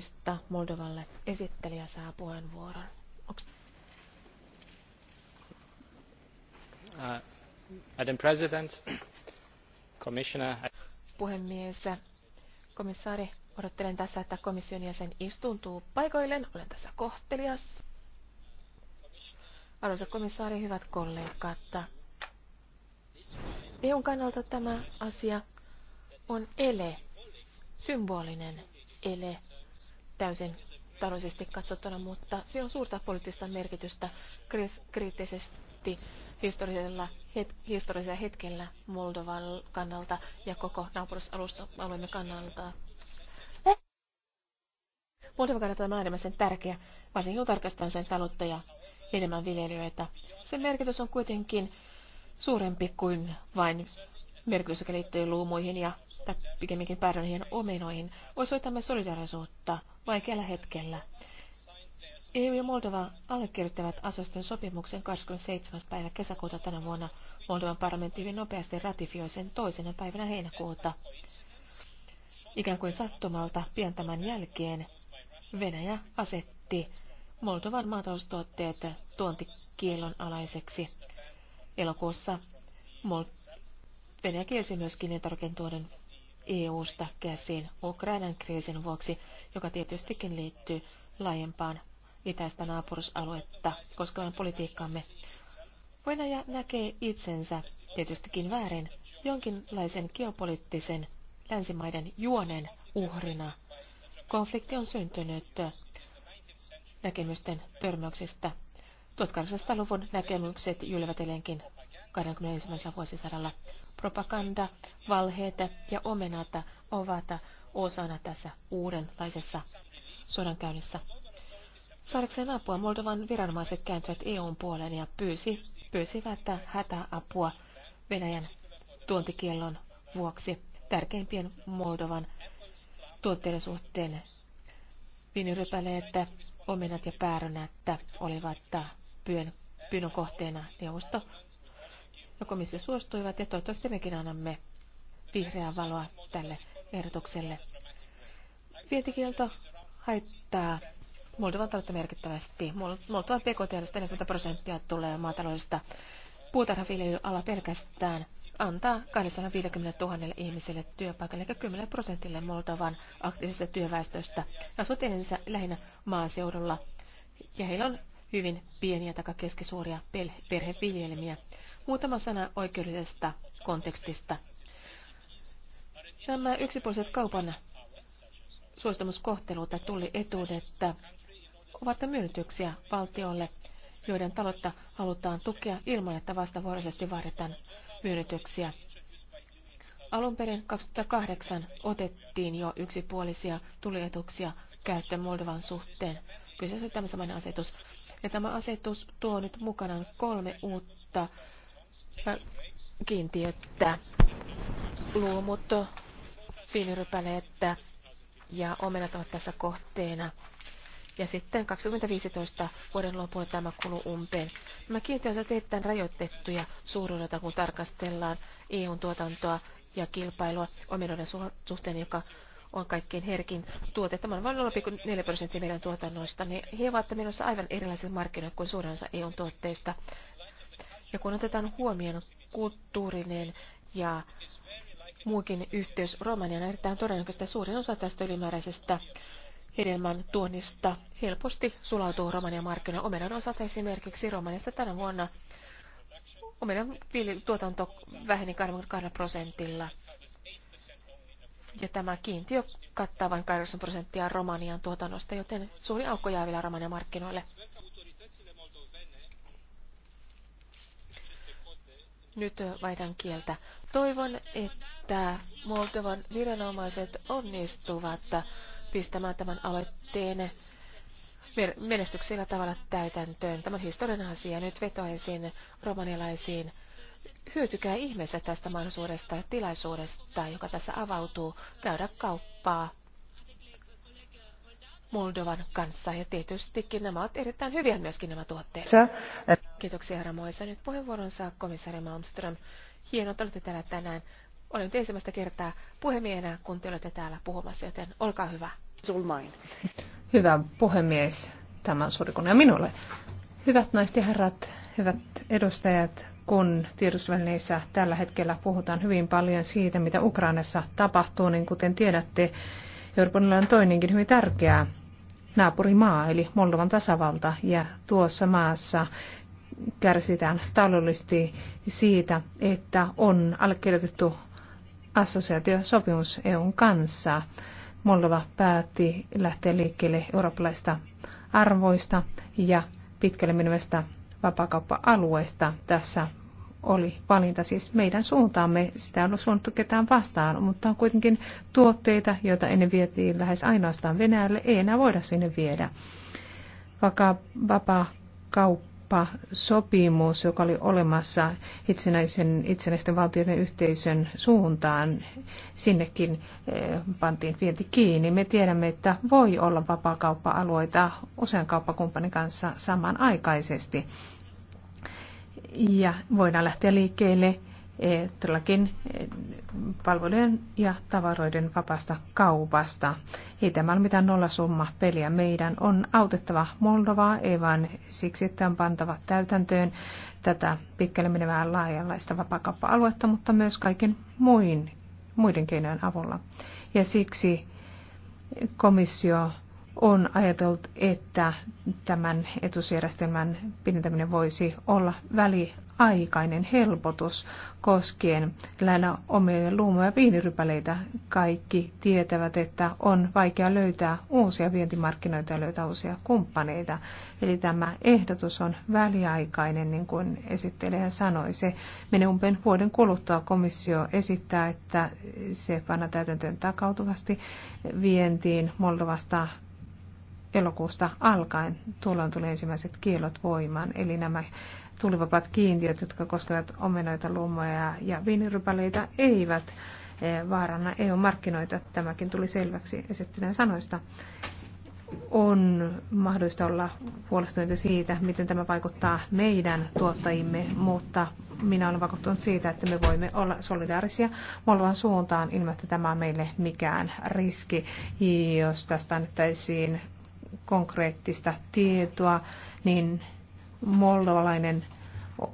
sopimuksista Moldovalle. Esittelijä saa puheenvuoron. Onks... Uh, Madam President, Commissioner... Puhemies, komissaari, odottelen tässä, että komission jäsen istuntuu paikoilleen. Olen tässä kohtelias. Arvoisa komissaari, hyvät kollegat. EUn kannalta tämä asia on ele, symbolinen ele, täysin taloudellisesti katsottuna, mutta sillä on suurta poliittista merkitystä kriittisesti historiallisella, het, historiallisella hetkellä Moldovan kannalta ja koko naapurusalueemme kannalta. Moldovan kannalta tämä on äärimmäisen tärkeä, varsinkin kun tarkastetaan sen taloutta ja enemmän viljelijöitä. Sen merkitys on kuitenkin suurempi kuin vain merkitys, joka liittyy luumuihin ja tai pikemminkin päärönien omenoihin. Osoitamme solidaarisuutta vaikealla hetkellä. EU ja Moldova allekirjoittavat asoston sopimuksen 27. päivä kesäkuuta tänä vuonna. Moldovan parlamentti hyvin nopeasti ratifioi sen toisena päivänä heinäkuuta. Ikään kuin sattumalta pian tämän jälkeen Venäjä asetti Moldovan maataloustuotteet tuontikielon alaiseksi. Elokuussa Venäjä kielsi myöskin elintarviketuodon EU-sta käsin Ukrainan kriisin vuoksi, joka tietystikin liittyy laajempaan itäistä naapurusaluetta koskevan politiikkaamme. Venäjä näkee itsensä tietystikin väärin jonkinlaisen geopoliittisen länsimaiden juonen uhrina. Konflikti on syntynyt näkemysten törmäyksistä. 1800-luvun näkemykset jylvät 21. vuosisadalla. Propaganda, valheet ja omenat ovat osana tässä uudenlaisessa sodankäynnissä. Saadakseen apua Moldovan viranomaiset kääntyivät EUn puoleen ja pyysi, pyysivät hätäapua Venäjän tuontikiellon vuoksi tärkeimpien Moldovan tuotteiden suhteen. Viinirypäleet, omenat ja päärönät olivat pyön, pyynnön kohteena neuvosto ja no, komissio suostuivat ja toivottavasti mekin annamme vihreää valoa tälle ehdotukselle. Vientikielto haittaa Moldovan taloutta merkittävästi. Moldovan PKT 40 prosenttia tulee maataloudesta. Puutarhaviljelyala pelkästään antaa 250 000 ihmiselle työpaikan, eli 10 prosentille Moldovan aktiivisesta työväestöstä. Asut lähinnä maaseudulla ja heillä on hyvin pieniä tai keskisuuria perheviljelmiä. Muutama sana oikeudellisesta kontekstista. Nämä yksipuoliset kaupan suostumuskohtelut tai etuudet ovat myönnytyksiä valtiolle, joiden taloutta halutaan tukea ilman, että vastavuoroisesti vaaditaan myönnytyksiä. Alun perin 2008 otettiin jo yksipuolisia tulietuksia käyttöön Moldovan suhteen. Kyseessä oli tämä samainen asetus. Ja tämä asetus tuo nyt mukanaan kolme uutta kiintiötä. Luomut, viinirypäleettä ja omenat ovat tässä kohteena. Ja sitten 2015 vuoden lopulla tämä kuluu umpeen. Nämä kiintiöt ovat erittäin rajoitettuja suuruudelta, kun tarkastellaan EUn tuotantoa ja kilpailua omenoiden suhteen, joka on kaikkein herkin tuote. Tämä on vain 0,4 prosenttia meidän tuotannoista, niin he ovat menossa aivan erilaisille markkinoille kuin suurin osa eu tuotteista. Ja kun otetaan huomioon kulttuurinen ja muukin yhteys romania, erittäin todennäköistä suurin osa tästä ylimääräisestä hedelmän tuonnista helposti sulautuu Romanian markkinoille. Omenan osalta esimerkiksi Romaniassa tänä vuonna omenan tuotanto väheni 22 prosentilla. Ja tämä kiintiö kattaa vain 8 prosenttia Romanian tuotannosta, joten suuri aukko jää vielä Romanian markkinoille. Nyt vaihdan kieltä. Toivon, että Moldovan viranomaiset onnistuvat pistämään tämän aloitteen menestyksellä tavalla täytäntöön. Tämä on historian asia. Nyt vetoaisin romanialaisiin hyötykää ihmeessä tästä mahdollisuudesta ja tilaisuudesta, joka tässä avautuu, käydä kauppaa Moldovan kanssa. Ja tietystikin nämä ovat erittäin hyviä myöskin nämä tuotteet. Kiitoksia herra Moisa. Nyt puheenvuoron saa komissaari Malmström. Hienoa, että olette täällä tänään. Olen nyt ensimmäistä kertaa puhemiehenä, kun te olette täällä puhumassa, joten olkaa hyvä. Hyvä puhemies. Tämä on suuri kunnia minulle. Hyvät naiset ja herrat, hyvät edustajat, kun tiedotusvälineissä tällä hetkellä puhutaan hyvin paljon siitä, mitä Ukrainassa tapahtuu, niin kuten tiedätte, Euroopan on toinenkin hyvin tärkeä naapurimaa, eli Moldovan tasavalta, ja tuossa maassa kärsitään taloudellisesti siitä, että on allekirjoitettu assosiaatiosopimus EUn kanssa. Moldova päätti lähteä liikkeelle eurooppalaista arvoista ja pitkälle menevästä vapakauppa-alueesta. Tässä oli valinta siis meidän suuntaamme. Sitä ei ollut suunnattu ketään vastaan, mutta on kuitenkin tuotteita, joita ennen vietiin lähes ainoastaan Venäjälle, ei enää voida sinne viedä. Vaka, vapaa sopimus, joka oli olemassa itsenäisen, itsenäisten valtioiden yhteisön suuntaan, sinnekin eh, pantiin vienti kiinni. Me tiedämme, että voi olla vapaakauppa-alueita usean kauppakumppanin kanssa samanaikaisesti ja voidaan lähteä liikkeelle eh, todellakin eh, palvelujen ja tavaroiden vapaasta kaupasta. Ei tämä ole mitään nollasumma peliä. Meidän on autettava Moldovaa, ei vaan siksi, että on pantava täytäntöön tätä pitkälle menevää laajanlaista vapaakauppa-aluetta, mutta myös kaiken muin, muiden keinojen avulla. Ja siksi komissio on ajateltu, että tämän etusjärjestelmän pidentäminen voisi olla väliaikainen helpotus koskien lähinnä omien luumu- ja viinirypäleitä. Kaikki tietävät, että on vaikea löytää uusia vientimarkkinoita ja löytää uusia kumppaneita. Eli tämä ehdotus on väliaikainen, niin kuin esittelijä sanoi. Se menee umpeen vuoden kuluttua. Komissio esittää, että se panna täytäntöön takautuvasti vientiin Moldovasta elokuusta alkaen. Tuolloin tuli ensimmäiset kielot voimaan, eli nämä tulivapaat kiintiöt, jotka koskevat omenoita, lummoja ja viinirypäleitä, eivät eh, vaaranna EU-markkinoita. Tämäkin tuli selväksi esittyneen sanoista. On mahdollista olla huolestuneita siitä, miten tämä vaikuttaa meidän tuottajimme, mutta minä olen vakuuttunut siitä, että me voimme olla solidaarisia Moldovan suuntaan ilman, että tämä on meille mikään riski, jos tästä annettaisiin konkreettista tietoa, niin moldovalainen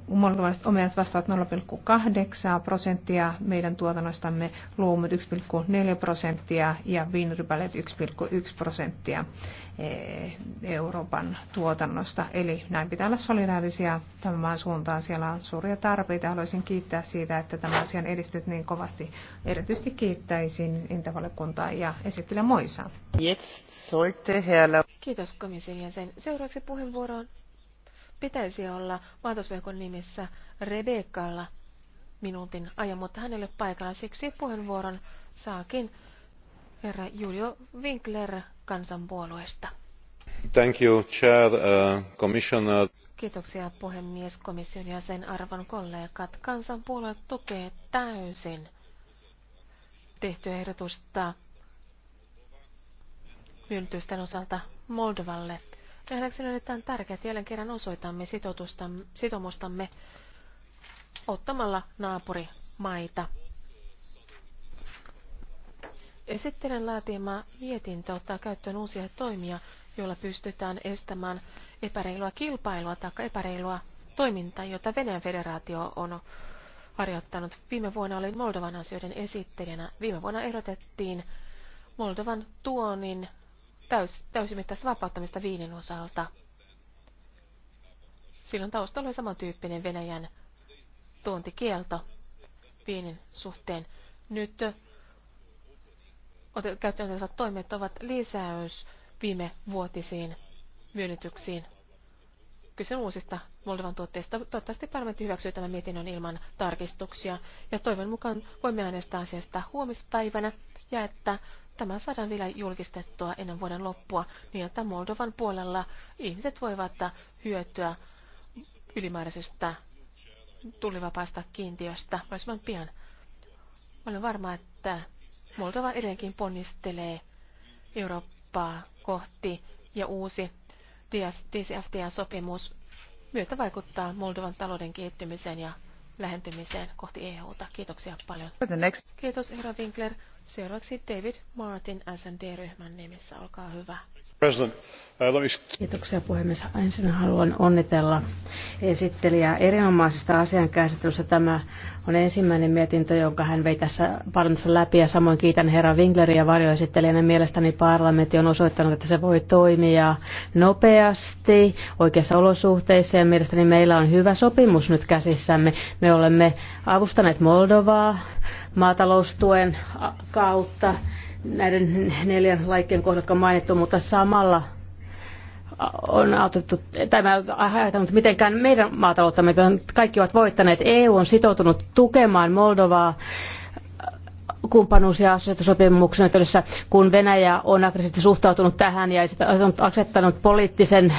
moldovalaiset omeat vastaavat 0,8 prosenttia meidän tuotannostamme, luomut 1,4 prosenttia ja viinirypäleet 1,1 prosenttia eh, Euroopan tuotannosta. Eli näin pitää olla solidaarisia tämän maan suuntaan. Siellä on suuria tarpeita. Haluaisin kiittää siitä, että tämä asia on edistynyt niin kovasti. Erityisesti kiittäisin Intavaliokuntaa ja esittelen Moisaa. Kiitos komission jäsen. Seuraavaksi on pitäisi olla maatosvehkon nimissä Rebekalla minuutin ajan, mutta hän ei ole paikalla. Siksi puheenvuoron saakin herra Julio Winkler kansanpuolueesta. Thank you, Chair, uh, Commissioner. Kiitoksia puhemies, komission ja sen arvon kollegat. Kansanpuolue tukee täysin tehtyä ehdotusta myöntysten osalta Moldovalle. Nähdäkseni on erittäin tärkeää, että jälleen kerran osoitamme sitoumustamme ottamalla naapurimaita. Esittelen laatima mietintö ottaa käyttöön uusia toimia, joilla pystytään estämään epäreilua kilpailua tai epäreilua toimintaa, jota Venäjän federaatio on harjoittanut. Viime vuonna olin Moldovan asioiden esittelijänä. Viime vuonna ehdotettiin Moldovan tuonin täys, täysimittaista vapauttamista Viinin osalta. Silloin taustalla oli samantyyppinen Venäjän tuontikielto Viinin suhteen. Nyt käyttöön otettavat toimet ovat lisäys viime vuotisiin myönnytyksiin. Kyse uusista Moldovan tuotteista. Toivottavasti parlamentti hyväksyy tämän mietinnön ilman tarkistuksia. Ja toivon mukaan voimme äänestää asiasta huomispäivänä ja että Tämä saadaan vielä julkistettua ennen vuoden loppua niin, että Moldovan puolella ihmiset voivat hyötyä ylimääräisestä tullivapaasta kiintiöstä mahdollisimman pian. Olen varma, että Moldova edelleenkin ponnistelee Eurooppaa kohti ja uusi DCFTA-sopimus myötä vaikuttaa Moldovan talouden kehittymiseen ja lähentymiseen kohti EUta. Kiitoksia paljon. Kiitos, herra Winkler. Seuraavaksi David Martin SND-ryhmän nimissä. Olkaa hyvä arvoisa uh, puhemies. Ensin haluan onnitella esittelijää erinomaisesta asian käsittelystä. Tämä on ensimmäinen mietintö, jonka hän vei tässä parlamentissa läpi ja samoin kiitän herra Wingleriä varjoesittelijänä. Mielestäni parlamentti on osoittanut, että se voi toimia nopeasti oikeissa olosuhteissa ja mielestäni meillä on hyvä sopimus nyt käsissämme. Me olemme avustaneet Moldovaa maataloustuen kautta näiden neljän laikkeen kohdat, jotka on mainittu, mutta samalla on autettu, tai haitannut mitenkään meidän maatalouttamme, kaikki ovat voittaneet. EU on sitoutunut tukemaan Moldovaa kumppanuus- ja asetusopimuksen yhteydessä, kun Venäjä on aggressiivisesti suhtautunut tähän ja asettanut poliittisen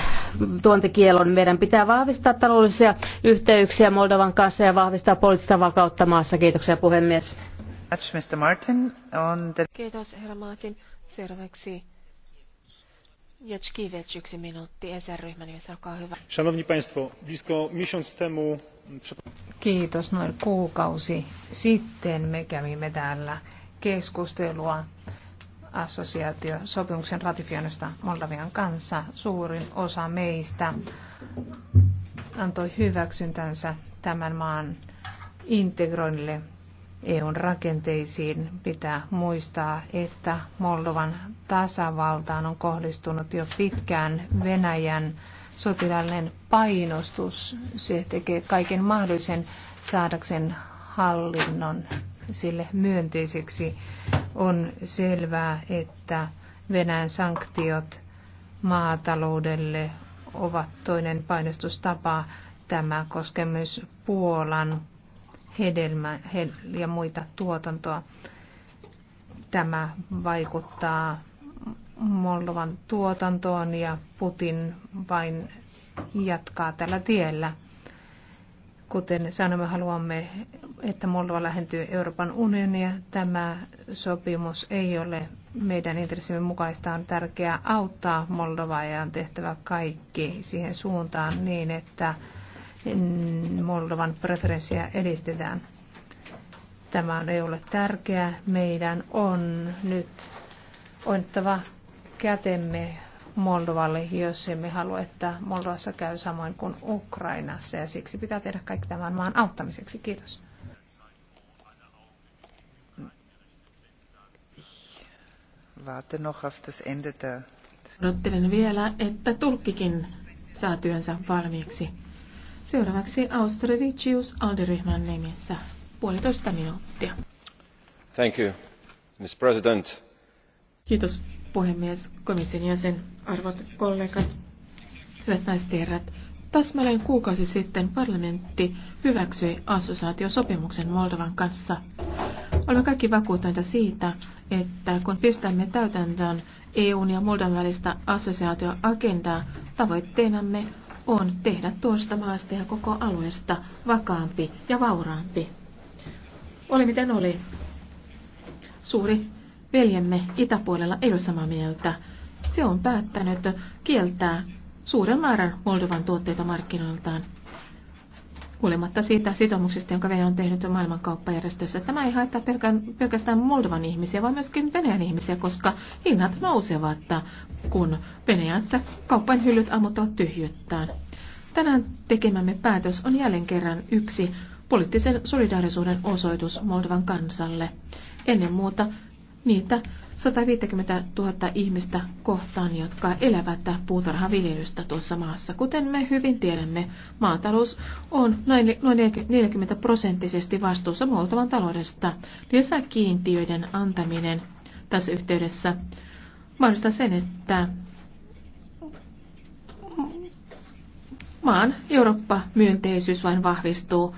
tuontikielon. Meidän pitää vahvistaa taloudellisia yhteyksiä Moldovan kanssa ja vahvistaa poliittista vakautta maassa. Kiitoksia puhemies. Kiitos, herra Martin. Seuraavaksi Jaczkiewicz, yksi minuutti, ESR-ryhmän nimessä, olkaa hyvä. Szanowni Państwo, blisko miesiąc temu... Kiitos, noin kuukausi sitten me kävimme täällä keskustelua assosiaatiosopimuksen ratifioinnista Moldavian kanssa. Suurin osa meistä antoi hyväksyntänsä tämän maan integroinnille EUn rakenteisiin. Pitää muistaa, että Moldovan tasavaltaan on kohdistunut jo pitkään Venäjän sotilaallinen painostus. Se tekee kaiken mahdollisen saadakseen hallinnon sille myönteiseksi. On selvää, että Venäjän sanktiot maataloudelle ovat toinen painostustapa. Tämä koskee myös Puolan hedelmä ja muita tuotantoa. Tämä vaikuttaa Moldovan tuotantoon ja Putin vain jatkaa tällä tiellä. Kuten sanomme, haluamme, että Moldova lähentyy Euroopan unionia. Tämä sopimus ei ole meidän intressimme mukaista. On tärkeää auttaa Moldovaa ja on tehtävä kaikki siihen suuntaan niin, että Moldovan preferenssiä edistetään. Tämä on EUlle tärkeää. Meidän on nyt oittava kätemme Moldovalle, jos emme halua, että Moldovassa käy samoin kuin Ukrainassa. Ja siksi pitää tehdä kaikki tämän maan auttamiseksi. Kiitos. Odottelen vielä, että tulkkikin saa työnsä valmiiksi. Seuraavaksi Austrovicius Alderyhmän nimissä. Puolitoista minuuttia. Thank you, Mr. President. Kiitos puhemies, komission jäsen, arvot kollegat, hyvät naiset herrat. Täsmälleen kuukausi sitten parlamentti hyväksyi assosiaatiosopimuksen Moldovan kanssa. Olemme kaikki vakuuttuneita siitä, että kun pistämme täytäntöön EUn ja Moldovan välistä assosiaatioagendaa, tavoitteenamme on tehdä tuosta maasta ja koko alueesta vakaampi ja vauraampi. Oli miten oli. Suuri veljemme itäpuolella ei ole samaa mieltä. Se on päättänyt kieltää suuren määrän Moldovan tuotteita markkinoiltaan huolimatta siitä sitoumuksesta, jonka Venäjä on tehnyt maailmankauppajärjestössä. Tämä ei haittaa pelkästään Moldovan ihmisiä, vaan myöskin Venäjän ihmisiä, koska hinnat nousevat, kun Venäjänsä kauppain hyllyt ammuttavat tyhjyttään. Tänään tekemämme päätös on jälleen kerran yksi poliittisen solidaarisuuden osoitus Moldovan kansalle. Ennen muuta niitä 150 000 ihmistä kohtaan, jotka elävät puutarhaviljelystä tuossa maassa. Kuten me hyvin tiedämme, maatalous on noin 40 prosenttisesti vastuussa Moldovan taloudesta. Lisäkiintiöiden antaminen tässä yhteydessä mahdollistaa sen, että maan Eurooppa-myönteisyys vain vahvistuu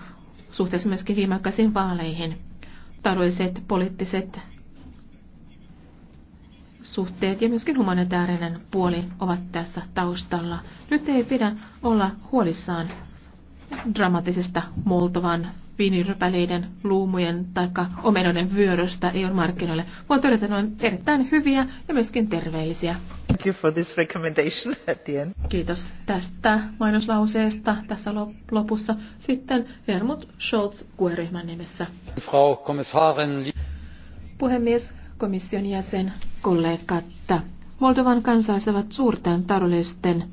suhteessa myöskin viimeaikaisiin vaaleihin. Taloudelliset, poliittiset suhteet ja myöskin humanitaarinen puoli ovat tässä taustalla. Nyt ei pidä olla huolissaan dramaattisesta Moltovan viinirypäleiden, luumujen tai omenoiden vyörystä ei ole markkinoille. Voin todeta, että ne on erittäin hyviä ja myöskin terveellisiä. Thank you for this recommendation at the end. Kiitos tästä mainoslauseesta tässä lopussa. Sitten Hermut Scholz qe nimessä. Frau Kommissarin. Puhemies, komission jäsen, kollegat. Moldovan kansaisevat suurten taloudellisten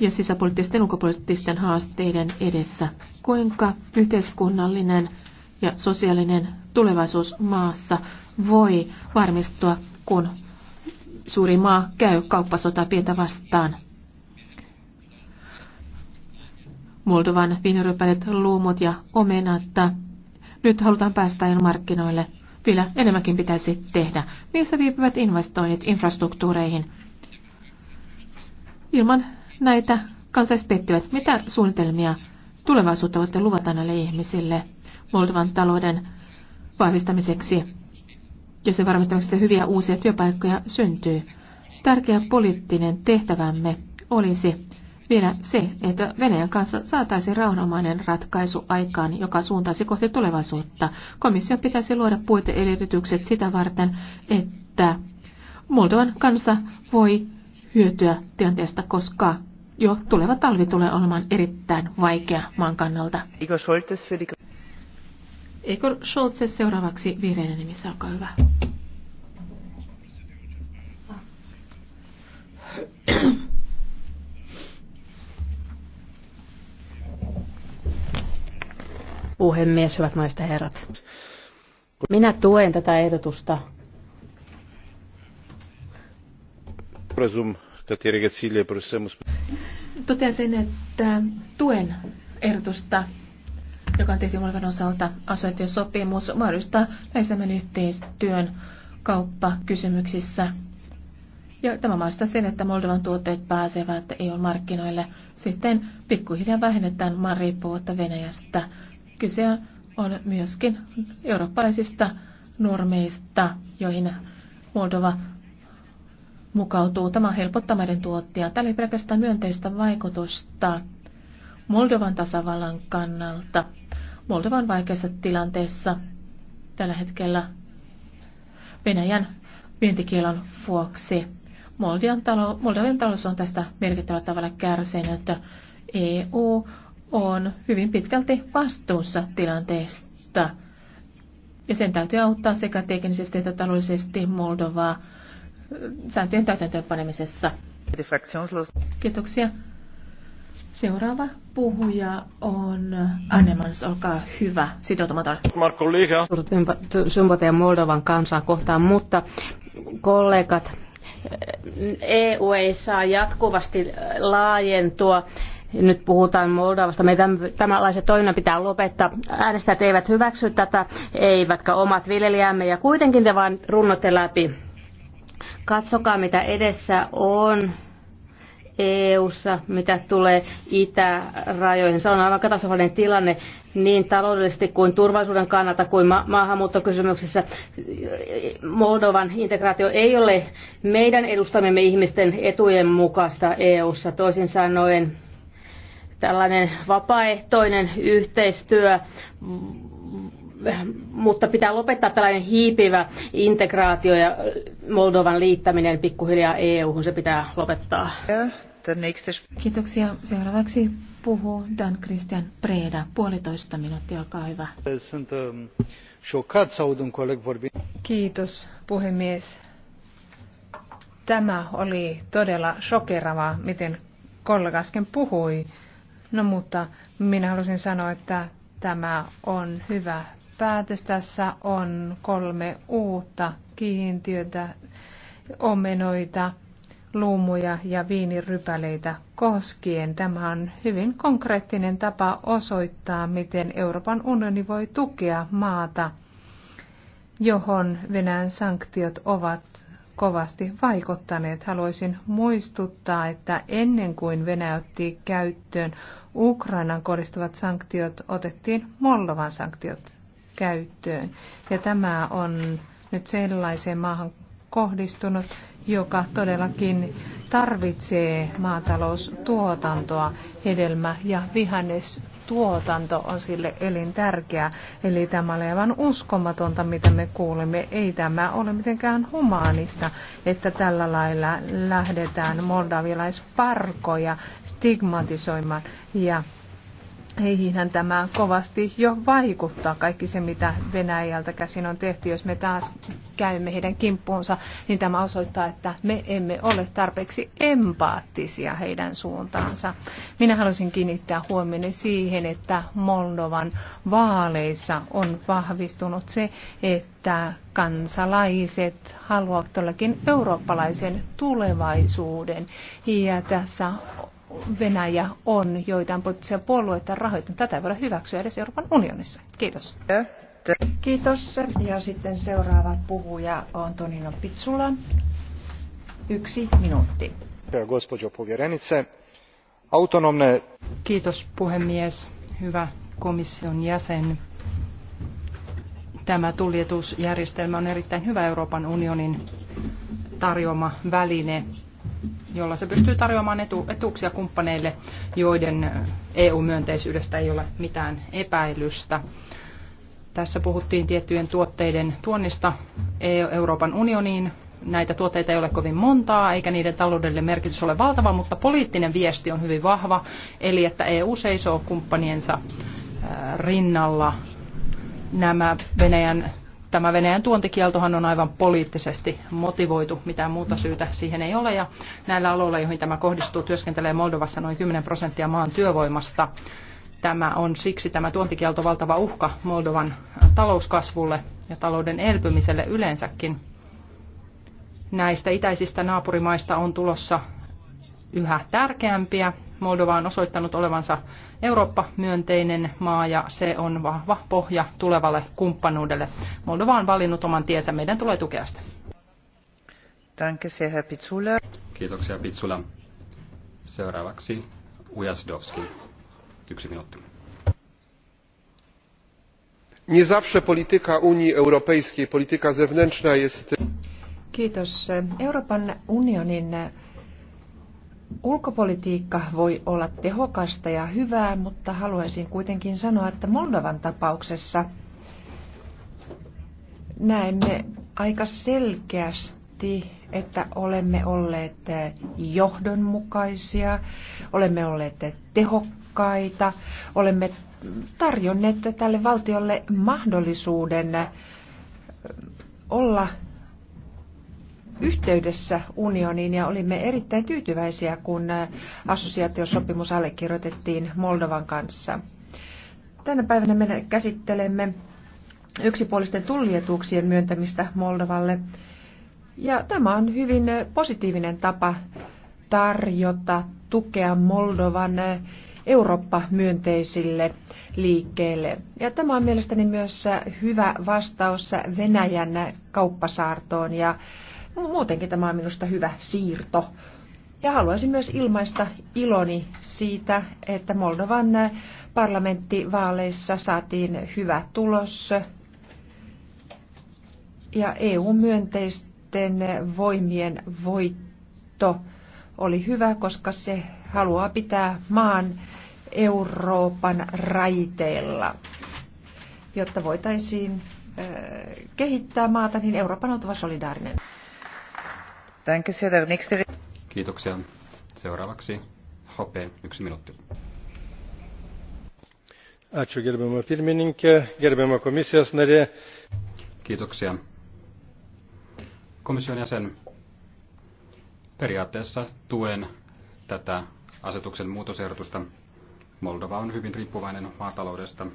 ja sisäpoliittisten ulkopoliittisten haasteiden edessä. Kuinka yhteiskunnallinen ja sosiaalinen tulevaisuus maassa voi varmistua, kun suuri maa käy kauppasotaa pientä vastaan? Moldovan viinirypälet, luumut ja omenat. Nyt halutaan päästä jo markkinoille. Vielä enemmänkin pitäisi tehdä. Missä niin viipyvät investoinnit infrastruktuureihin? Ilman näitä kansalaiset pettyvät. Mitä suunnitelmia tulevaisuutta voitte luvata näille ihmisille Moldovan talouden vahvistamiseksi ja sen varmistamiseksi, että hyviä uusia työpaikkoja syntyy? Tärkeä poliittinen tehtävämme olisi vielä se, että Venäjän kanssa saataisiin rauhanomainen ratkaisu aikaan, joka suuntaisi kohti tulevaisuutta. Komissio pitäisi luoda puiteedellytykset sitä varten, että Moldovan kansa voi hyötyä tilanteesta, koska jo tuleva talvi tulee olemaan erittäin vaikea maan kannalta. Igor Scholtes, Igor seuraavaksi vihreinen nimissä, olkaa hyvä. puhemies, hyvät naiset ja herrat. Minä tuen tätä ehdotusta. Totean sen, että tuen ehdotusta, joka on tehty molemmat osalta asiointiosopimus, mahdollistaa läheisemmän yhteistyön kauppakysymyksissä. Ja tämä mahdollistaa sen, että Moldovan tuotteet pääsevät eu markkinoille. Sitten pikkuhiljaa vähennetään maan riippuvuutta Venäjästä. Kyse on myöskin eurooppalaisista normeista, joihin Moldova mukautuu. Tämä helpottaa meidän tuottia. Tällä ei pelkästään myönteistä vaikutusta Moldovan tasavallan kannalta. Moldovan vaikeassa tilanteessa tällä hetkellä Venäjän vientikielon vuoksi. Moldovan talous on tästä merkittävällä tavalla kärsinyt. EU on hyvin pitkälti vastuussa tilanteesta. Ja sen täytyy auttaa sekä teknisesti että taloudellisesti Moldovaa äh, sääntöjen täytäntöönpanemisessa. Kiitoksia. Seuraava puhuja on Annemans, olkaa hyvä, sitoutumaton. Marko Liike. Sympatia Moldovan kansaa kohtaan, mutta kollegat, äh, EU ei saa jatkuvasti laajentua nyt puhutaan Moldavasta, meidän tämänlaisen toiminnan pitää lopettaa. Äänestäjät eivät hyväksy tätä, eivätkä omat viljelijämme, ja kuitenkin te vain runnotte läpi. Katsokaa, mitä edessä on eu mitä tulee itärajoihin. Se on aivan katastrofaalinen tilanne niin taloudellisesti kuin turvallisuuden kannalta kuin ma- maahanmuuttokysymyksissä. Moldovan integraatio ei ole meidän edustamiemme ihmisten etujen mukaista EU-ssa. Toisin sanoen tällainen vapaaehtoinen yhteistyö, mutta pitää lopettaa tällainen hiipivä integraatio ja Moldovan liittäminen pikkuhiljaa EU-hun, se pitää lopettaa. Kiitoksia. Seuraavaksi puhuu Dan Christian Preda. Puolitoista minuuttia, olkaa hyvä. Um, Kiitos puhemies. Tämä oli todella shokeravaa, miten kollega äsken puhui No mutta minä halusin sanoa, että tämä on hyvä päätös. Tässä on kolme uutta kiintiötä, omenoita, luumuja ja viinirypäleitä koskien. Tämä on hyvin konkreettinen tapa osoittaa, miten Euroopan unioni voi tukea maata, johon Venäjän sanktiot ovat kovasti vaikuttaneet. Haluaisin muistuttaa, että ennen kuin Venäjä otti käyttöön Ukrainan kohdistuvat sanktiot, otettiin Moldovan sanktiot käyttöön. Ja tämä on nyt sellaiseen maahan kohdistunut, joka todellakin tarvitsee maataloustuotantoa, hedelmä- ja vihannes tuotanto on sille elintärkeä. Eli tämä oli aivan uskomatonta, mitä me kuulemme. Ei tämä ole mitenkään humaanista, että tällä lailla lähdetään moldavilaisparkoja stigmatisoimaan ja heihinhän tämä kovasti jo vaikuttaa, kaikki se mitä Venäjältä käsin on tehty. Jos me taas käymme heidän kimppuunsa, niin tämä osoittaa, että me emme ole tarpeeksi empaattisia heidän suuntaansa. Minä haluaisin kiinnittää huomioon siihen, että Moldovan vaaleissa on vahvistunut se, että kansalaiset haluavat todellakin eurooppalaisen tulevaisuuden. Ja tässä Venäjä on joitain poliittisia puolueita rahoittanut. Tätä ei voida hyväksyä edes Euroopan unionissa. Kiitos. Kiitos. Ja sitten seuraava puhuja on Tonino Pitsula. Yksi minuutti. Kiitos puhemies. Hyvä komission jäsen. Tämä tuljetusjärjestelmä on erittäin hyvä Euroopan unionin tarjoama väline jolla se pystyy tarjoamaan etu, etuuksia kumppaneille, joiden EU-myönteisyydestä ei ole mitään epäilystä. Tässä puhuttiin tiettyjen tuotteiden tuonnista e Euroopan unioniin. Näitä tuotteita ei ole kovin montaa, eikä niiden taloudellinen merkitys ole valtava, mutta poliittinen viesti on hyvin vahva, eli että EU seisoo kumppaniensa rinnalla. Nämä Venäjän Tämä Venäjän tuontikieltohan on aivan poliittisesti motivoitu, mitään muuta syytä siihen ei ole. Ja näillä aloilla, joihin tämä kohdistuu, työskentelee Moldovassa noin 10 prosenttia maan työvoimasta. Tämä on siksi tämä tuontikielto valtava uhka Moldovan talouskasvulle ja talouden elpymiselle yleensäkin. Näistä itäisistä naapurimaista on tulossa yhä tärkeämpiä. Moldova on osoittanut olevansa Eurooppa-myönteinen maa ja se on vahva pohja tulevalle kumppanuudelle. Moldova on valinnut oman tiensä, meidän tulee tukea sitä. Kiitoksia Pitsula. Seuraavaksi Ujazdowski. Yksi minuutti. Nie zawsze polityka Unii Europejskiej, polityka zewnętrzna jest... Kiitos. Euroopan unionin Ulkopolitiikka voi olla tehokasta ja hyvää, mutta haluaisin kuitenkin sanoa, että Moldovan tapauksessa näemme aika selkeästi, että olemme olleet johdonmukaisia, olemme olleet tehokkaita, olemme tarjonneet tälle valtiolle mahdollisuuden olla yhteydessä unioniin ja olimme erittäin tyytyväisiä, kun assosiaatiosopimus allekirjoitettiin Moldovan kanssa. Tänä päivänä me käsittelemme yksipuolisten tullietuuksien myöntämistä Moldovalle. Ja tämä on hyvin positiivinen tapa tarjota tukea Moldovan Eurooppa-myönteisille liikkeelle. Ja tämä on mielestäni myös hyvä vastaus Venäjän kauppasaartoon ja Muutenkin tämä on minusta hyvä siirto. Ja haluaisin myös ilmaista iloni siitä, että Moldovan parlamenttivaaleissa saatiin hyvä tulos ja EU-myönteisten voimien voitto oli hyvä, koska se haluaa pitää maan Euroopan raiteilla. Jotta voitaisiin kehittää maata, niin Euroopan on oltava solidaarinen. Kiitoksia. Seuraavaksi Hope, yksi minuutti. Ačiū gerbiama pirmininkė, gerbiama komisijos narė. Kiitoksia. Komission jäsen, periaatteessa tuen tätä asetuksen muutosehdotusta. Moldova on hyvin riippuvainen maataloudesta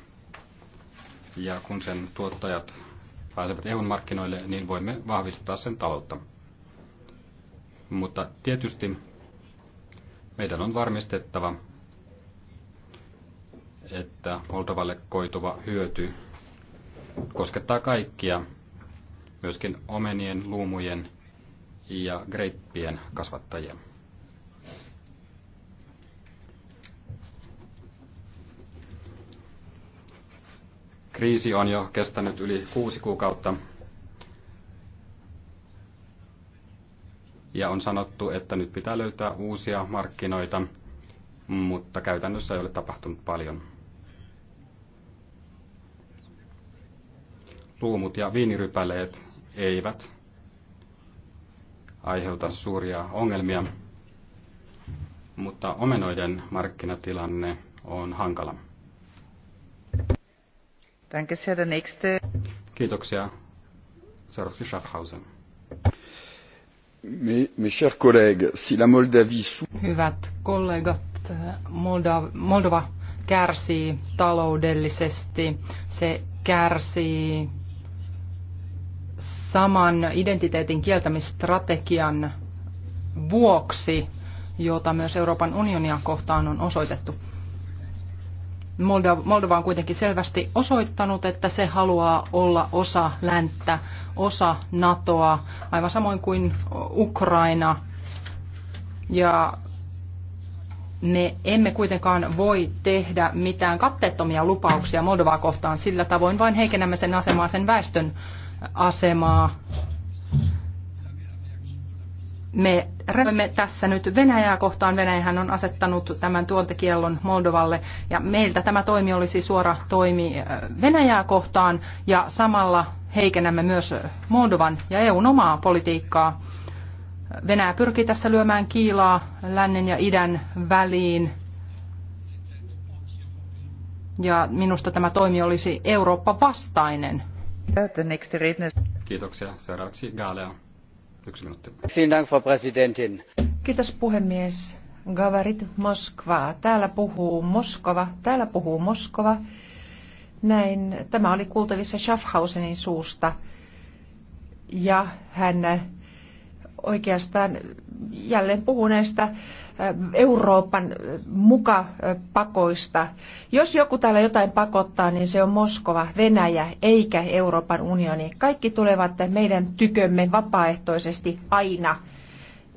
ja kun sen tuottajat pääsevät EUn markkinoille, niin voimme vahvistaa sen taloutta. Mutta tietysti meidän on varmistettava, että Moldovalle koituva hyöty koskettaa kaikkia, myöskin omenien, luumujen ja greippien kasvattajia. Kriisi on jo kestänyt yli kuusi kuukautta ja on sanottu, että nyt pitää löytää uusia markkinoita, mutta käytännössä ei ole tapahtunut paljon. Luumut ja viinirypäleet eivät aiheuta suuria ongelmia, mutta omenoiden markkinatilanne on hankala. Kiitoksia. Seuraavaksi Schaffhausen. Hyvät kollegat, Moldova kärsii taloudellisesti, se kärsii saman identiteetin kieltämistrategian vuoksi, jota myös Euroopan unionia kohtaan on osoitettu. Moldova on kuitenkin selvästi osoittanut, että se haluaa olla osa länttä, osa NATOa, aivan samoin kuin Ukraina. Ja me emme kuitenkaan voi tehdä mitään katteettomia lupauksia Moldovaa kohtaan. Sillä tavoin vain heikennämme sen asemaa, sen väestön asemaa me reagoimme tässä nyt Venäjää kohtaan. Venäjähän on asettanut tämän tuontekiellon Moldovalle ja meiltä tämä toimi olisi suora toimi äh, Venäjää kohtaan ja samalla heikennämme myös Moldovan ja EUn omaa politiikkaa. Venäjä pyrkii tässä lyömään kiilaa lännen ja idän väliin. Ja minusta tämä toimi olisi Eurooppa vastainen. Kiitoksia. Seuraavaksi Gaalea. Yksi Kiitos puhemies. Gavarit Moskva. Täällä puhuu Moskova. Täällä puhuu Moskova. Näin, tämä oli kuultavissa Schaffhausenin suusta. Ja hän oikeastaan jälleen puhuu näistä Euroopan mukapakoista. Jos joku täällä jotain pakottaa, niin se on Moskova, Venäjä eikä Euroopan unioni. Kaikki tulevat meidän tykömme vapaaehtoisesti aina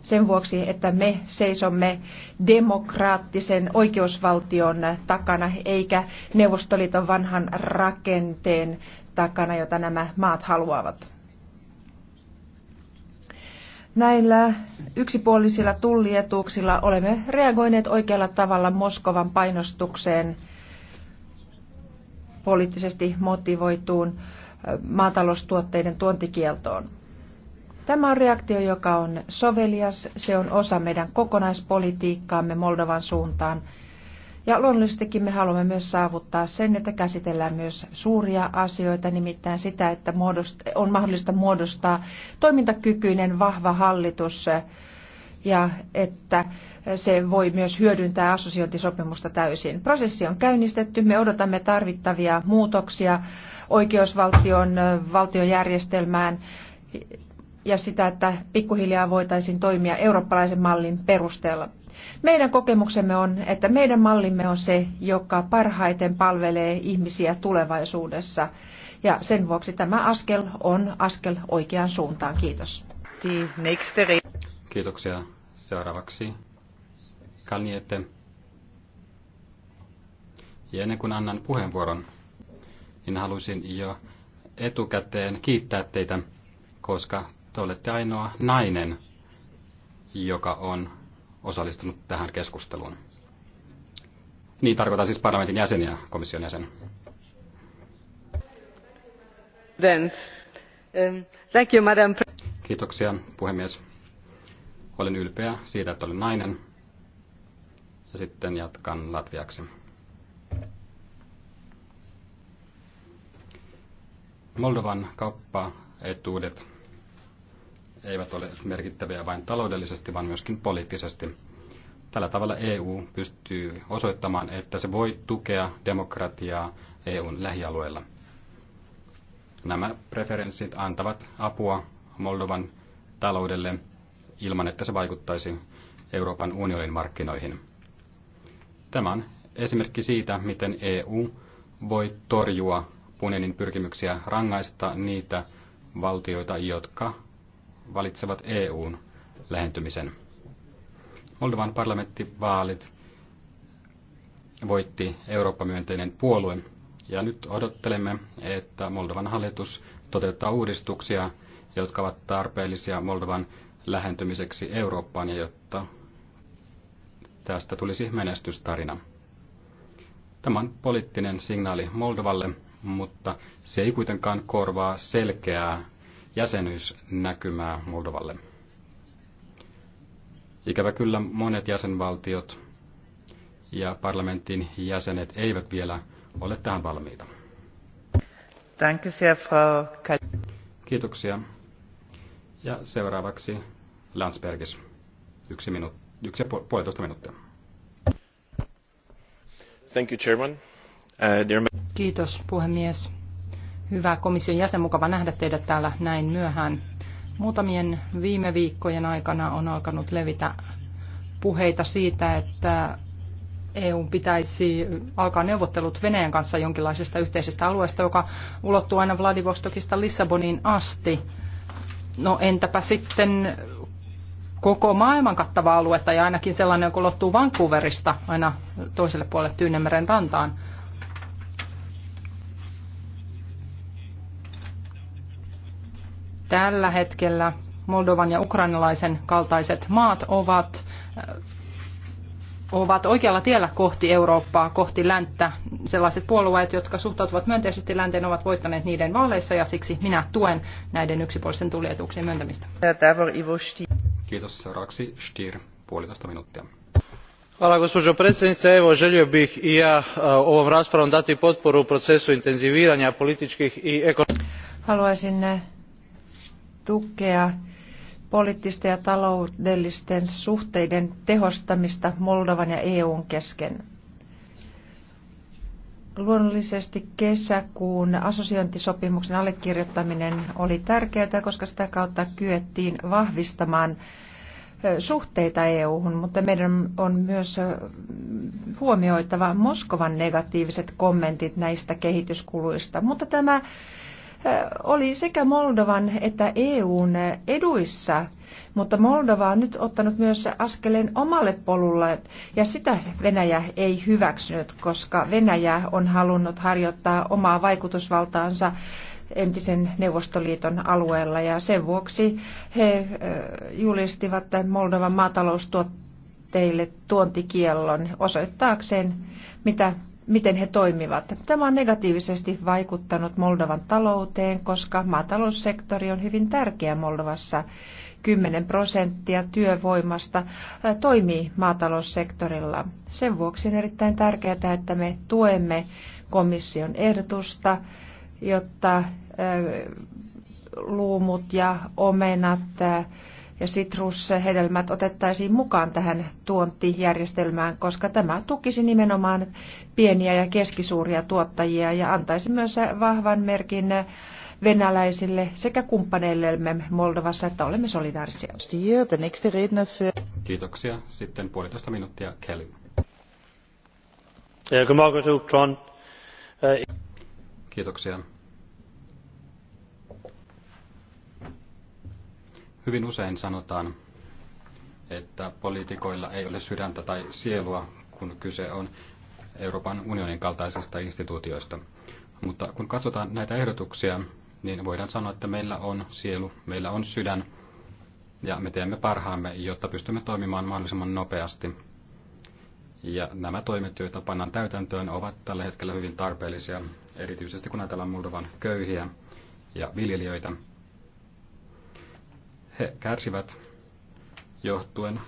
sen vuoksi, että me seisomme demokraattisen oikeusvaltion takana, eikä Neuvostoliiton vanhan rakenteen takana, jota nämä maat haluavat. Näillä yksipuolisilla tullietuuksilla olemme reagoineet oikealla tavalla Moskovan painostukseen poliittisesti motivoituun maataloustuotteiden tuontikieltoon. Tämä on reaktio, joka on sovelias. Se on osa meidän kokonaispolitiikkaamme Moldovan suuntaan ja luonnollisestikin me haluamme myös saavuttaa sen, että käsitellään myös suuria asioita, nimittäin sitä, että on mahdollista muodostaa toimintakykyinen, vahva hallitus ja että se voi myös hyödyntää assosiointisopimusta täysin. Prosessi on käynnistetty, me odotamme tarvittavia muutoksia oikeusvaltion valtiojärjestelmään ja sitä, että pikkuhiljaa voitaisiin toimia eurooppalaisen mallin perusteella. Meidän kokemuksemme on, että meidän mallimme on se, joka parhaiten palvelee ihmisiä tulevaisuudessa. Ja sen vuoksi tämä askel on askel oikeaan suuntaan. Kiitos. Kiitoksia. Seuraavaksi Kalniette. Ja ennen kuin annan puheenvuoron, niin haluaisin jo etukäteen kiittää teitä, koska te olette ainoa nainen, joka on osallistunut tähän keskusteluun. Niin tarkoitan siis parlamentin jäseniä, komission jäsen. Um, Kiitoksia, puhemies. Olen ylpeä siitä, että olen nainen. Ja sitten jatkan latviaksi. Moldovan kauppaetuudet eivät ole merkittäviä vain taloudellisesti, vaan myöskin poliittisesti. Tällä tavalla EU pystyy osoittamaan, että se voi tukea demokratiaa EUn lähialueilla. Nämä preferenssit antavat apua Moldovan taloudelle ilman, että se vaikuttaisi Euroopan unionin markkinoihin. Tämä on esimerkki siitä, miten EU voi torjua Punenin pyrkimyksiä rangaista niitä valtioita, jotka valitsevat EUn lähentymisen. Moldovan parlamenttivaalit voitti Eurooppa-myönteinen puolue, ja nyt odottelemme, että Moldovan hallitus toteuttaa uudistuksia, jotka ovat tarpeellisia Moldovan lähentymiseksi Eurooppaan ja jotta tästä tulisi menestystarina. Tämä on poliittinen signaali Moldovalle, mutta se ei kuitenkaan korvaa selkeää jäsenyysnäkymää Moldovalle. Ikävä kyllä monet jäsenvaltiot ja parlamentin jäsenet eivät vielä ole tähän valmiita. Kiitoksia. Ja seuraavaksi Landsbergis. Yksi, minuut, yksi ja puolitoista minuuttia. Thank you, Chairman. Uh, dear... Kiitos, puhemies. Hyvä komission jäsen, mukava nähdä teidät täällä näin myöhään. Muutamien viime viikkojen aikana on alkanut levitä puheita siitä, että EU pitäisi alkaa neuvottelut Venäjän kanssa jonkinlaisesta yhteisestä alueesta, joka ulottuu aina Vladivostokista Lissaboniin asti. No entäpä sitten koko maailman kattava aluetta ja ainakin sellainen, joka ulottuu Vancouverista aina toiselle puolelle Tyynemeren rantaan. Tällä hetkellä Moldovan ja ukrainalaisen kaltaiset maat ovat, ovat oikealla tiellä kohti Eurooppaa, kohti länttä. Sellaiset puolueet, jotka suhtautuvat myönteisesti länteen, ovat voittaneet niiden vaaleissa ja siksi minä tuen näiden yksipuolisten tulietuuksien myöntämistä. Kiitos. Seuraavaksi Stier, puolitoista minuuttia Hvala gospođo predsjednice Evo želio bih i ja ovom raspravom dati potporu procesu intenziviranja političkih i ekonomskih tukea poliittisten ja taloudellisten suhteiden tehostamista Moldovan ja EUn kesken. Luonnollisesti kesäkuun assosiointisopimuksen allekirjoittaminen oli tärkeää, koska sitä kautta kyettiin vahvistamaan suhteita EU-hun, mutta meidän on myös huomioitava Moskovan negatiiviset kommentit näistä kehityskuluista. Mutta tämä oli sekä Moldovan että EUn eduissa, mutta Moldova on nyt ottanut myös askeleen omalle polulle ja sitä Venäjä ei hyväksynyt, koska Venäjä on halunnut harjoittaa omaa vaikutusvaltaansa entisen Neuvostoliiton alueella ja sen vuoksi he julistivat Moldovan maataloustuotteille tuontikiellon osoittaakseen, mitä miten he toimivat. Tämä on negatiivisesti vaikuttanut Moldovan talouteen, koska maataloussektori on hyvin tärkeä Moldovassa. 10 prosenttia työvoimasta toimii maataloussektorilla. Sen vuoksi on erittäin tärkeää, että me tuemme komission ehdotusta, jotta luumut ja omenat ja sitrushedelmät otettaisiin mukaan tähän tuontijärjestelmään, koska tämä tukisi nimenomaan pieniä ja keskisuuria tuottajia ja antaisi myös vahvan merkin venäläisille sekä kumppaneillemme Moldovassa, että olemme solidaarisia. Kiitoksia. Sitten puolitoista minuuttia Kelly. Eh, Kiitoksia. Hyvin usein sanotaan, että poliitikoilla ei ole sydäntä tai sielua, kun kyse on Euroopan unionin kaltaisista instituutioista. Mutta kun katsotaan näitä ehdotuksia, niin voidaan sanoa, että meillä on sielu, meillä on sydän, ja me teemme parhaamme, jotta pystymme toimimaan mahdollisimman nopeasti. Ja nämä toimet, joita pannaan täytäntöön, ovat tällä hetkellä hyvin tarpeellisia, erityisesti kun ajatellaan Moldovan köyhiä ja viljelijöitä. He kärsivät johtuen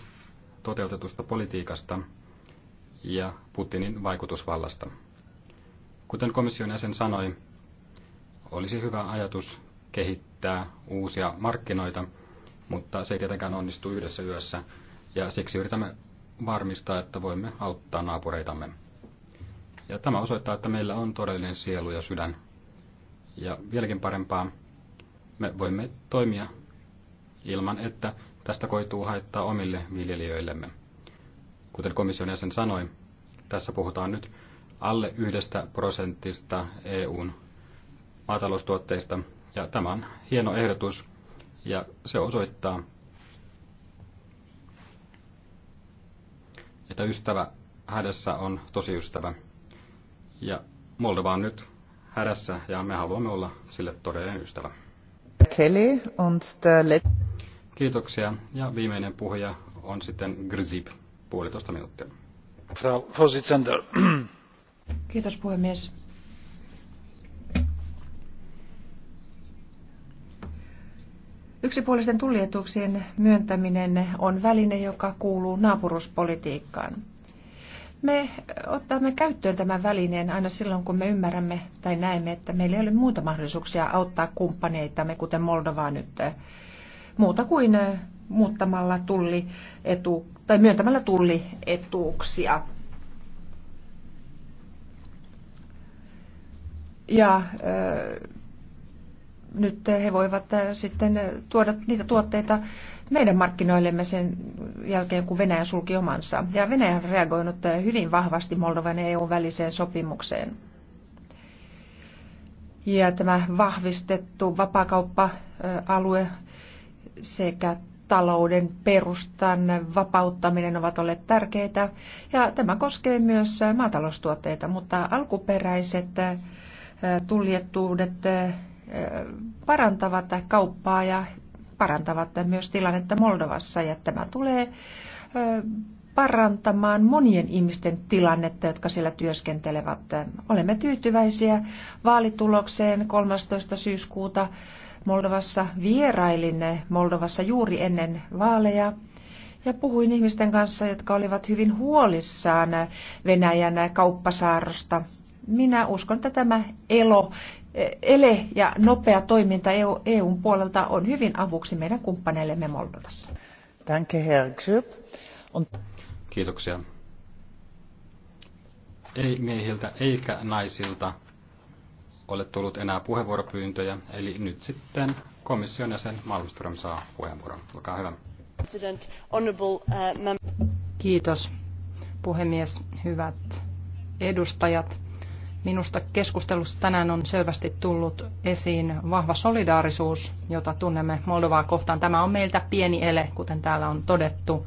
toteutetusta politiikasta ja Putinin vaikutusvallasta. Kuten komission jäsen sanoi, olisi hyvä ajatus kehittää uusia markkinoita, mutta se ei tietenkään onnistu yhdessä yössä, ja siksi yritämme varmistaa, että voimme auttaa naapureitamme. Ja tämä osoittaa, että meillä on todellinen sielu ja sydän. Ja vieläkin parempaa, me voimme toimia ilman, että tästä koituu haittaa omille viljelijöillemme. Kuten komission jäsen sanoi, tässä puhutaan nyt alle yhdestä prosentista EUn maataloustuotteista, ja tämä on hieno ehdotus, ja se osoittaa, että ystävä hädässä on tosi ystävä. Ja Moldova on nyt hädässä ja me haluamme olla sille todellinen ystävä. Kelly und der Kiitoksia. Ja viimeinen puhuja on sitten Grzib, puolitoista minuuttia. Frau Vorsitzender. Kiitos puhemies. Yksipuolisten tullietuuksien myöntäminen on väline, joka kuuluu naapuruspolitiikkaan. Me otamme käyttöön tämän välineen aina silloin, kun me ymmärrämme tai näemme, että meillä ei ole muuta mahdollisuuksia auttaa kumppaneitamme, kuten Moldovaa nyt muuta kuin muuttamalla tulli etu, tai myöntämällä tullietuuksia. Ja äh, nyt he voivat sitten tuoda niitä tuotteita meidän markkinoillemme sen jälkeen, kun Venäjä sulki omansa. Ja Venäjä on reagoinut hyvin vahvasti Moldovan ja EUn väliseen sopimukseen. Ja tämä vahvistettu vapaakauppa-alue sekä talouden perustan vapauttaminen ovat olleet tärkeitä. Ja tämä koskee myös maataloustuotteita, mutta alkuperäiset tuljettuudet parantavat kauppaa ja parantavat myös tilannetta Moldovassa. Ja tämä tulee parantamaan monien ihmisten tilannetta, jotka siellä työskentelevät. Olemme tyytyväisiä vaalitulokseen 13. syyskuuta Moldovassa, vierailin Moldovassa juuri ennen vaaleja ja puhuin ihmisten kanssa, jotka olivat hyvin huolissaan Venäjän kauppasaarosta. Minä uskon, että tämä elo, ele ja nopea toiminta EUn e puolelta on hyvin avuksi meidän kumppaneillemme Moldovassa. Danke, Herr on. Kiitoksia. Ei miehiltä eikä naisilta ole tullut enää puheenvuoropyyntöjä, eli nyt sitten komission jäsen Malmström saa puheenvuoron. Olkaa hyvä. Uh, Kiitos puhemies, hyvät edustajat. Minusta keskustelussa tänään on selvästi tullut esiin vahva solidaarisuus, jota tunnemme Moldovaa kohtaan. Tämä on meiltä pieni ele, kuten täällä on todettu,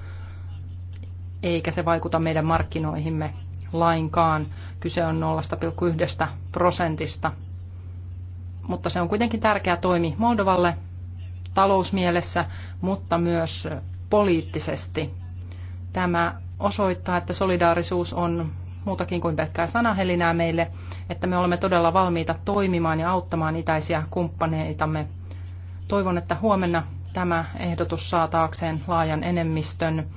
eikä se vaikuta meidän markkinoihimme lainkaan. Kyse on 0,1 prosentista mutta se on kuitenkin tärkeä toimi Moldovalle talousmielessä, mutta myös poliittisesti. Tämä osoittaa, että solidaarisuus on muutakin kuin pelkkää sanahelinää meille, että me olemme todella valmiita toimimaan ja auttamaan itäisiä kumppaneitamme. Toivon, että huomenna tämä ehdotus saa taakseen laajan enemmistön.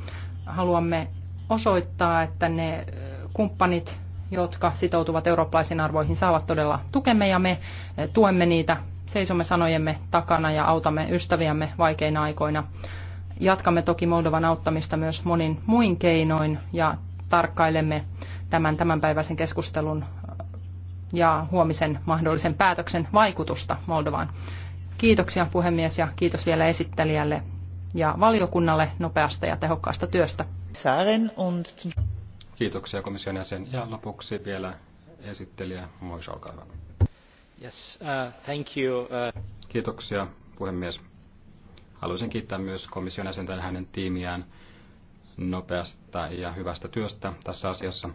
Haluamme osoittaa, että ne kumppanit jotka sitoutuvat eurooppalaisiin arvoihin, saavat todella tukemme ja me eh, tuemme niitä, seisomme sanojemme takana ja autamme ystäviämme vaikeina aikoina. Jatkamme toki Moldovan auttamista myös monin muin keinoin ja tarkkailemme tämän tämänpäiväisen keskustelun eh, ja huomisen mahdollisen päätöksen vaikutusta Moldovaan. Kiitoksia puhemies ja kiitos vielä esittelijälle ja valiokunnalle nopeasta ja tehokkaasta työstä. Kiitoksia komission jäsen. Ja lopuksi vielä esittelijä Mois, olkaa hyvä. Yes, uh, thank you. Uh... Kiitoksia puhemies. Haluaisin kiittää myös komission jäsentä ja hänen tiimiään nopeasta ja hyvästä työstä tässä asiassa.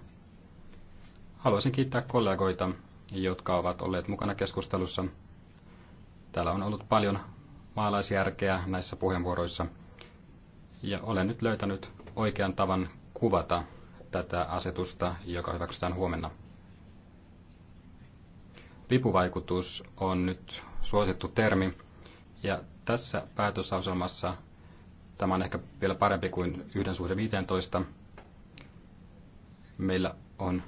Haluaisin kiittää kollegoita, jotka ovat olleet mukana keskustelussa. Täällä on ollut paljon maalaisjärkeä näissä puheenvuoroissa, ja olen nyt löytänyt oikean tavan kuvata tätä asetusta, joka hyväksytään huomenna. Vipuvaikutus on nyt suosittu termi, ja tässä päätösasemassa tämä on ehkä vielä parempi kuin yhden suhde 15. Meillä on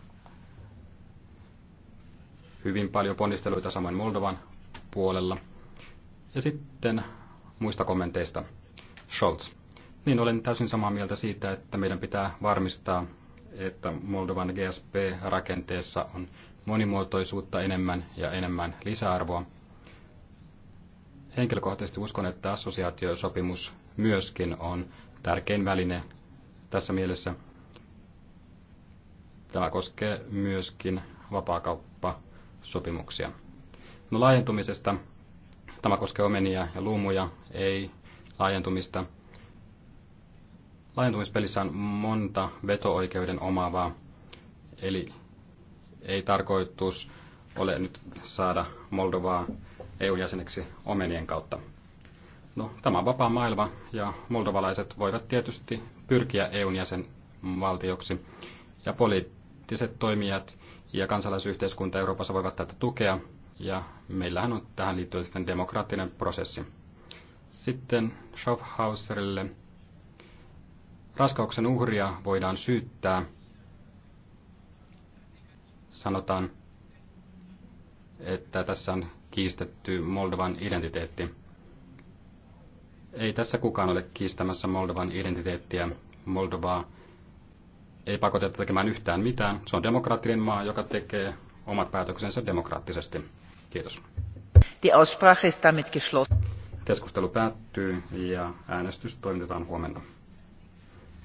hyvin paljon ponnisteluita samoin Moldovan puolella. Ja sitten muista kommenteista. Scholz. Niin olen täysin samaa mieltä siitä, että meidän pitää varmistaa, että Moldovan GSP-rakenteessa on monimuotoisuutta enemmän ja enemmän lisäarvoa. Henkilökohtaisesti uskon, että assosiaatiosopimus myöskin on tärkein väline tässä mielessä. Tämä koskee myöskin vapaakauppasopimuksia. No laajentumisesta. Tämä koskee omenia ja luumuja, ei laajentumista laajentumispelissä on monta veto-oikeuden omaavaa, eli ei tarkoitus ole nyt saada Moldovaa EU-jäseneksi omenien kautta. No, tämä on vapaa maailma ja moldovalaiset voivat tietysti pyrkiä EUn jäsenvaltioksi ja poliittiset toimijat ja kansalaisyhteiskunta Euroopassa voivat tätä tukea ja meillähän on tähän liittyen sitten demokraattinen prosessi. Sitten Schaffhauserille Raskauksen uhria voidaan syyttää, sanotaan, että tässä on kiistetty Moldovan identiteetti. Ei tässä kukaan ole kiistämässä Moldovan identiteettiä. Moldovaa ei pakoteta tekemään yhtään mitään. Se on demokraattinen maa, joka tekee omat päätöksensä demokraattisesti. Kiitos. Die Aussprache ist damit geschlossen. Keskustelu päättyy ja äänestys toimitetaan huomenna.